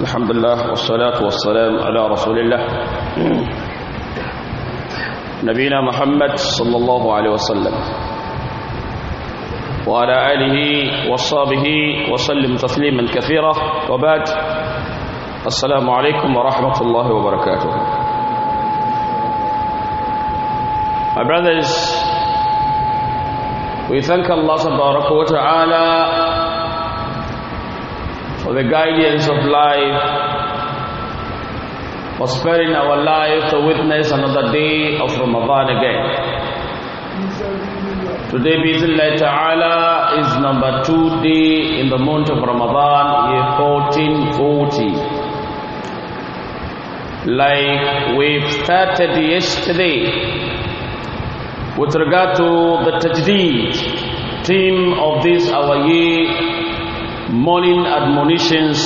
الحمد لله والصلاة والسلام على رسول الله نبينا محمد صلى الله عليه وسلم وعلى آله وصحبه وسلم تسليما كثيرا وبعد السلام عليكم ورحمة الله وبركاته My brothers, we thank Allah subhanahu wa ta'ala for the guidance of life, for sparing our life to witness another day of Ramadan again. Today, Bismillah Ta'ala, is number two day in the month of Ramadan, year 1440. Like we've started yesterday with regard to the tajdeed, team of this our year morning admonitions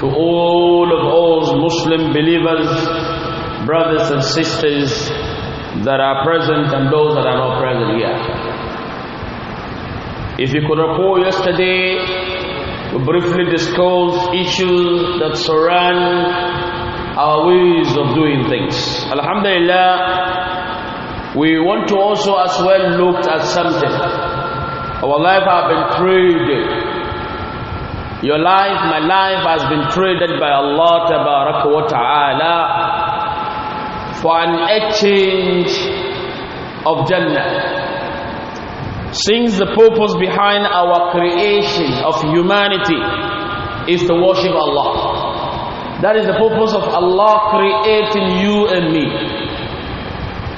to all of us Muslim believers, brothers and sisters that are present and those that are not present here. If you could recall yesterday, we briefly discussed issues that surround our ways of doing things. Alhamdulillah, we want to also as well look at something. Our life has been created your life, my life has been traded by Allah wa ta'ala for an exchange of Jannah. Since the purpose behind our creation of humanity is to worship Allah. That is the purpose of Allah creating you and me.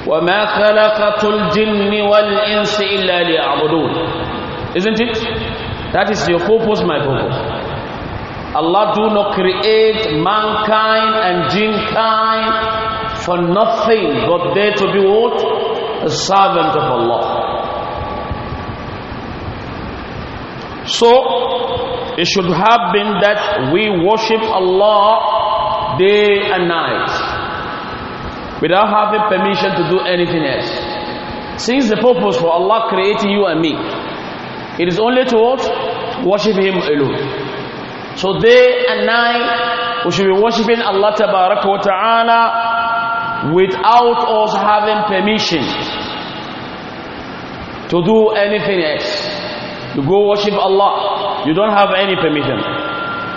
وما خلقت الجن والإنس إلا ليعبدون Isn't it? That is your purpose, my purpose. Allah do not create mankind and jinn kind for nothing but there to be what? A servant of Allah. So it should have been that we worship Allah day and night without having permission to do anything else. Since the purpose for Allah creating you and me, it is only to what? Worship Him alone. So day and night, we should be worshiping Allah wa Ta'ala without us having permission to do anything else. You go worship Allah, you don't have any permission.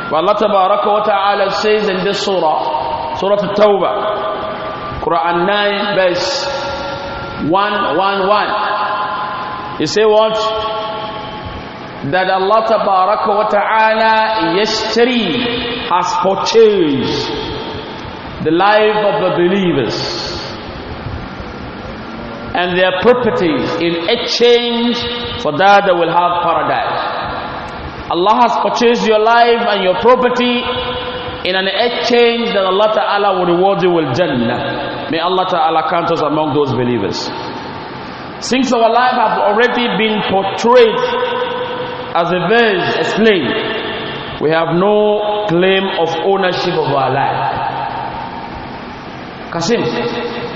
But Allah wa Ta'ala says in this surah, Surah At-Tawbah, Quran 9 verse 111. He say what? that Allah wa ta'ala yesterday has purchased the life of the believers and their properties in exchange for that they will have paradise. Allah has purchased your life and your property in an exchange that Allah Ta'ala will reward you with Jannah. May Allah Ta'ala count us among those believers. Since our life have already been portrayed as the verse explained, we have no claim of ownership of our life. Kasim,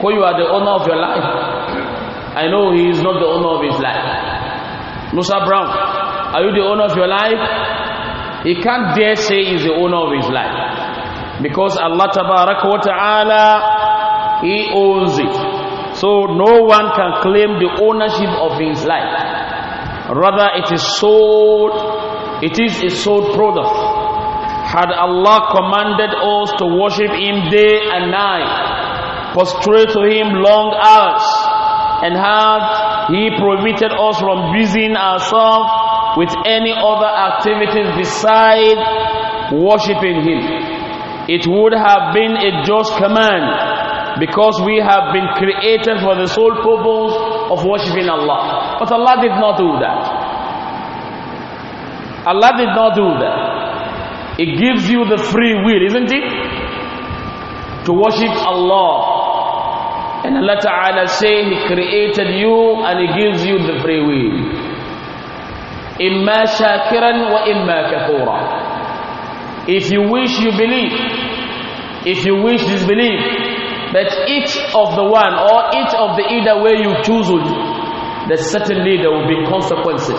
who you are the owner of your life? I know he is not the owner of his life. Musa Brown, are you the owner of your life? He can't dare say he's the owner of his life. Because Allah wa Ta'ala, He owns it. So no one can claim the ownership of his life rather it is sold it is a sold product had allah commanded us to worship him day and night prostrate to him long hours and had he prohibited us from busying ourselves with any other activities beside worshiping him it would have been a just command because we have been created for the sole purpose of worshiping Allah. But Allah did not do that. Allah did not do that. It gives you the free will, isn't it? To worship Allah. And Allah Ta'ala say He created you and He gives you the free will. إِمَّا am وَإِمَّا كَفُورًا. If you wish, you believe. If you wish, disbelieve that each of the one or each of the either way you choose will, that certainly there will be consequences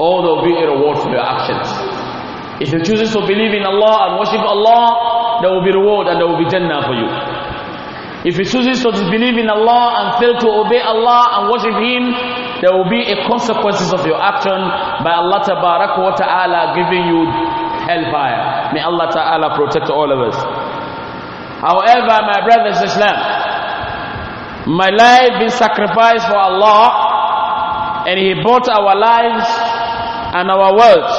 or there will be a reward for your actions. If you choose to believe in Allah and worship Allah, there will be reward and there will be Jannah for you. If you choose to disbelieve in Allah and fail to obey Allah and worship Him, there will be a consequences of your action by Allah Ta'ala giving you hellfire. May Allah Ta'ala protect all of us. However, my brothers Islam, my life is sacrificed for Allah and He bought our lives and our wealth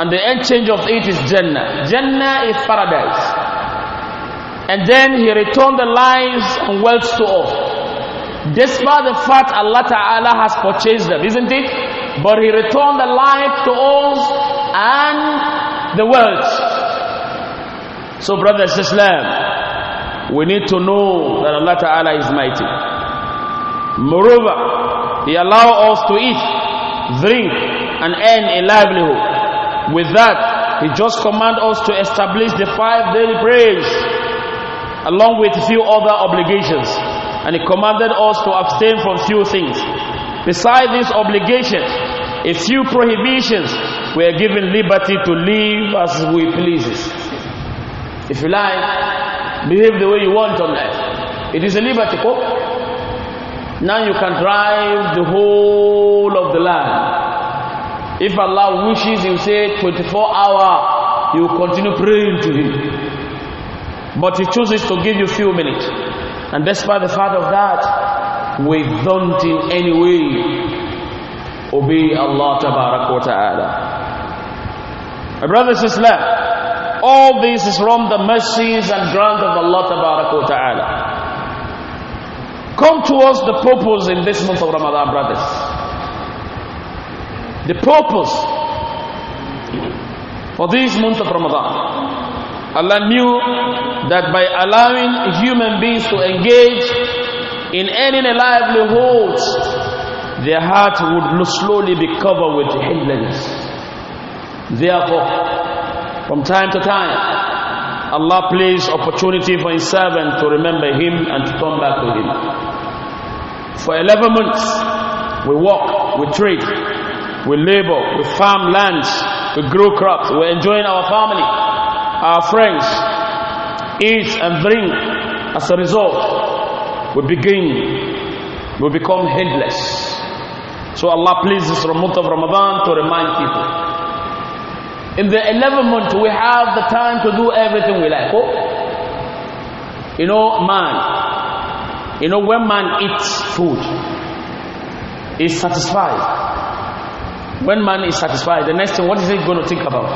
and the exchange of it is Jannah. Jannah is paradise. And then he returned the lives and wealth to all. Despite the fact Allah Ta'ala has purchased them, isn't it? But he returned the life to us and the wealth. So, brothers Islam, we need to know that Allah Ta'ala is mighty. Moreover, He allow us to eat, drink, and earn a livelihood. With that, He just command us to establish the five daily prayers along with few other obligations. And He commanded us to abstain from few things. Besides these obligations, a few prohibitions we are given liberty to live as we please, If you like, Behave the way you want on earth. It is a liberty. Quote. Now you can drive the whole of the land. If Allah wishes, you say 24 hour, you continue praying to Him. But He chooses to give you few minutes. And despite the fact of that, we don't in any way obey Allah Ta'ala. My brothers and sisters, all this is from the mercies and grant of Allah Ta'ala. Come us the purpose in this month of Ramadan, brothers. The purpose for this month of Ramadan. Allah knew that by allowing human beings to engage in any livelihood, their heart would slowly be covered with hilliness. Therefore, from time to time, Allah plays opportunity for His servant to remember Him and to come back to Him. For 11 months, we work, we trade, we labor, we farm lands, we grow crops, we enjoy our family, our friends, eat and drink. As a result, we begin, we become headless. So Allah pleases from month of Ramadan to remind people in the 11 month, we have the time to do everything we like. Oh. You know, man, you know, when man eats food, is satisfied. When man is satisfied, the next thing, what is he going to think about?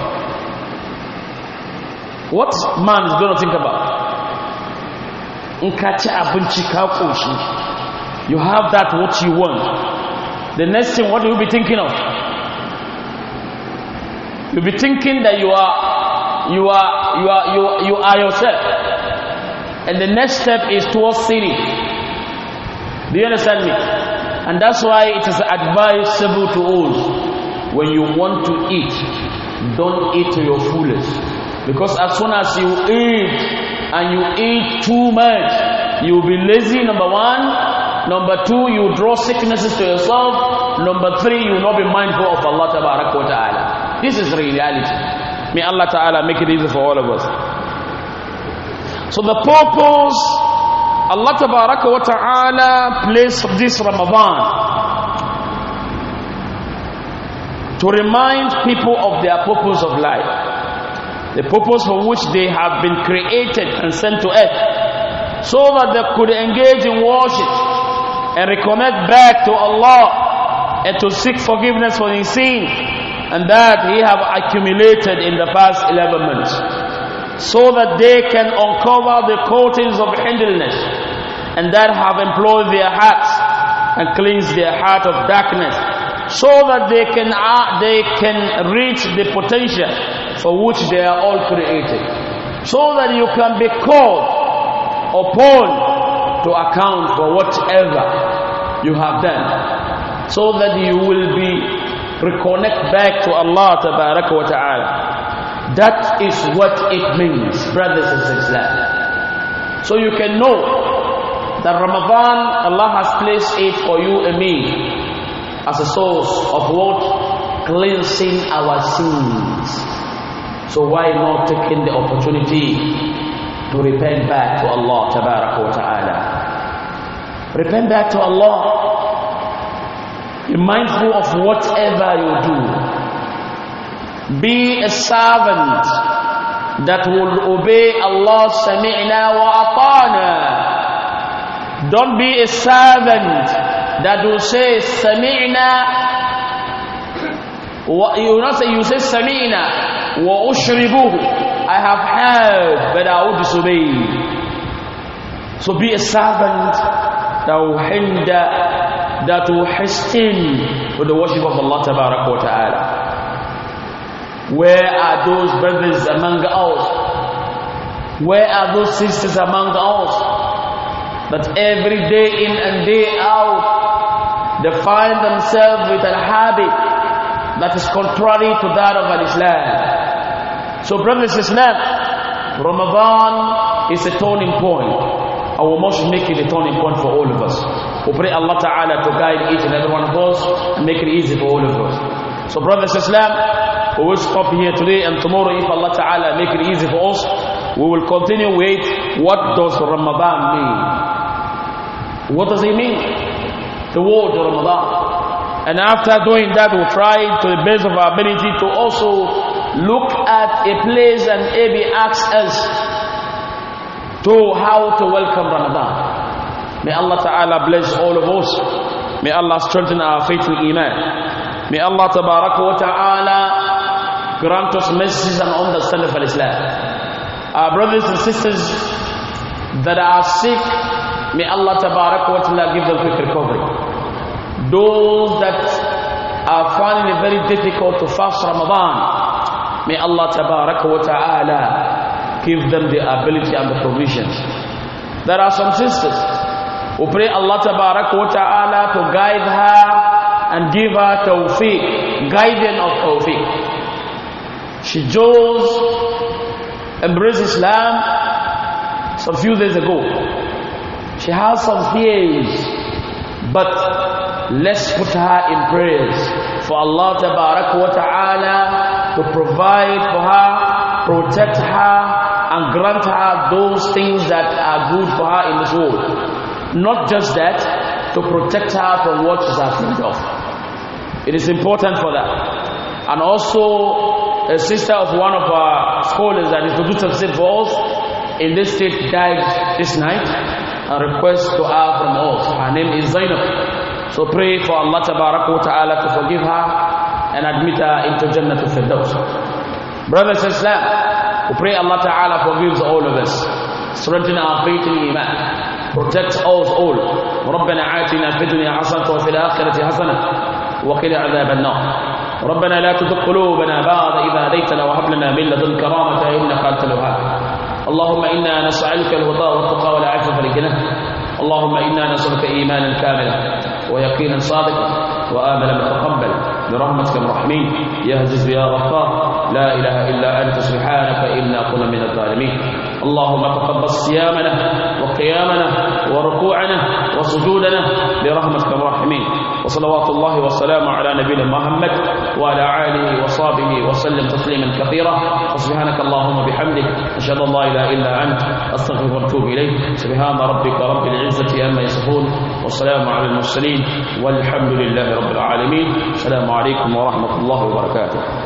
What man is going to think about? you have that what you want the next thing what will you be thinking of You'll be thinking that you are, you are, you are, you you are yourself. And the next step is towards sin. Do you understand me? And that's why it is advisable to us when you want to eat, don't eat to your fullest. Because as soon as you eat and you eat too much, you'll be lazy, number one. Number two, you draw sicknesses to yourself. Number three, you will not be mindful of Allah Ta'ala. This is reality. May Allah Ta'ala make it easy for all of us. So the purpose Allah Tabaraka wa Ta'ala placed this Ramadan to remind people of their purpose of life. The purpose for which they have been created and sent to earth so that they could engage in worship and reconnect back to Allah and to seek forgiveness for their sins and that he have accumulated in the past 11 months so that they can uncover the coatings of hinderness and that have employed their hearts and cleansed their heart of darkness so that they can uh, they can reach the potential for which they are all created so that you can be called upon to account for whatever you have done so that you will be reconnect back to Allah wa ta'ala. That is what it means, brothers and sisters. So you can know that Ramadan, Allah has placed it for you and me as a source of what? Cleansing our sins. So why not taking the opportunity to repent back to Allah wa ta'ala? Repent back to Allah be mindful of whatever you do. Be a servant that will obey Allah Sami'na wa Atana. Don't be a servant that will say Sami'na. You not say you say Sami'na wa ushribuhu. I have heard, but I will disobey. So be a servant that will hinder that will hasten with the worship of Allah Ta'ala. Where are those brothers among us? Where are those sisters among us? That every day in and day out, they find themselves with a habit that is contrary to that of Islam. So, brothers and sisters, Ramadan is a turning point. I will most make it a turning point for all of us. We pray Allah Ta'ala to guide each and every one of us and make it easy for all of us. So brothers and sisters, we will stop here today and tomorrow if Allah Ta'ala make it easy for us, we will continue with what does Ramadan mean? What does it mean? The word Ramadan. And after doing that, we'll try to the best of our ability to also look at a place and maybe ask us to how to welcome Ramadan. May Allah Ta'ala bless all of us. May Allah strengthen our faith faithful iman. May Allah Ta'ala grant us messages and understanding for Islam. Our brothers and sisters that are sick, may Allah Ta'ala give them quick recovery. Those that are finding it very difficult to fast Ramadan, may Allah Ta'ala give them the ability and the provisions. There are some sisters we pray Allah Ta'ala to guide her and give her tawfiq, guidance of tawfiq. She chose embraces Islam some few days ago. She has some fears, but let's put her in prayers for Allah Ta'ala to provide for her, protect her, and grant her those things that are good for her in this world. Not just that, to protect her from what she's afraid of. It is important for that. And also, a sister of one of our scholars that is produced of for in this state died this night. A request to her from us. Her name is Zainab. So pray for Allah Ta'ala to forgive her and admit her into Jannah to Firdaus. Brothers and sisters, we pray Allah Ta'ala forgives all of us. Strengthen our faith in Iman. protect us all ربنا عاتنا في الدنيا حسنة وفي الآخرة حسنة وقنا عذاب النار ربنا لا تزغ قلوبنا بعد إذا هديتنا وهب لنا من لدنك كرامة إنك أنت الوهاب اللهم إنا نسألك الهدى والتقى والعفو والغنى اللهم إنا نسألك إيمانا كاملا ويقينا صادقا وآملا متقبلا برحمتك الرحمين يا عزيز يا غفار لا إله إلا أنت سبحانك إنا كنا من الظالمين اللهم تقبل صيامنا وقيامنا وركوعنا وسجودنا برحمتك الراحمين وصلوات الله وسلامه على نبينا محمد وعلى آله وصحبه وسلم تسليما كثيرا سبحانك اللهم بحمدك أشهد أن لا إله إلا أنت أستغفرك وأتوب إليك سبحان ربك رب العزة عما يصفون والسلام على المرسلين والحمد لله رب العالمين السلام عليكم ورحمة الله وبركاته